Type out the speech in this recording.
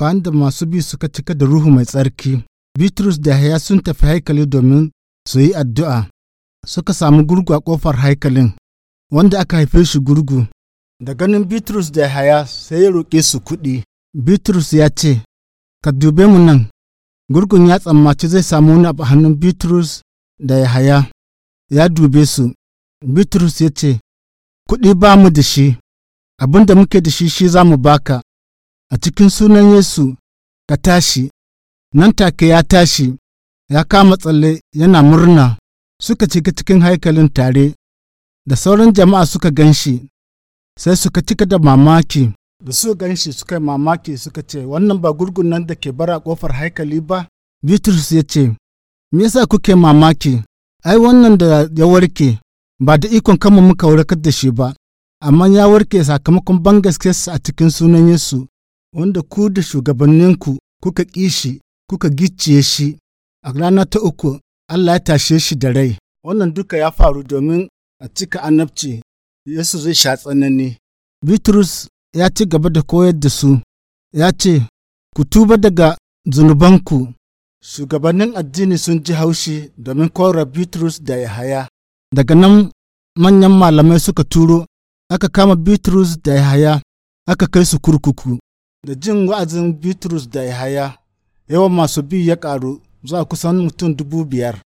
bayan da masu bi suka cika da Ruhu mai tsarki, Bitrus da Yahaya sun tafi haikali domin su yi addu'a, suka samu gurgu a ƙofar haikalin, wanda aka haife shi gurgu. Da ganin Bitrus da Yahaya sai ya roƙe su kuɗi. Bitrus ya ce, Ka dube mu nan, gurgun ya tsammaci zai samu wani abu hannun Bitrus da Yahaya, ya dube su. Bitrus ya ce, Kuɗi ba mu da shi, abin da muke da shi shi za mu baka. a cikin sunan Yesu ka tashi, nan take ya tashi, ya kama tsalle yana murna suka cika cikin haikalin tare, da sauran jama'a suka gan shi, sai suka cika da mamaki, da suka gan shi suka yi mamaki suka ce, wannan ba gurgun nan da ke bara ƙofar haikali ba? Bitrus ya ce, Me yasa kuke mamaki, ai wannan da ya warke, ba da ikon kama muka warkar da shi ba, amma ya warke sakamakon ban bangaskes a cikin sunan Yesu. wanda ku da shugabanninku kuka ƙi shi kuka gicciye shi a rana ta uku Allah ya tashe shi da rai. Wannan duka ya faru domin a cika annabci Yesu zai sha tsanani. Bitrus ya ci gaba da koyar da su, ya ce, Ku tuba daga zunubanku, shugabannin addini sun ji haushi domin kora Bitrus da Yahaya. Daga nan manyan malamai suka turo, aka kama Bitrus da Yahaya, aka kai su kurkuku. da jin wa'azin Bitrus da Yahaya, yawan masu bi ya ƙaru zuwa kusan mutum dubu biyar.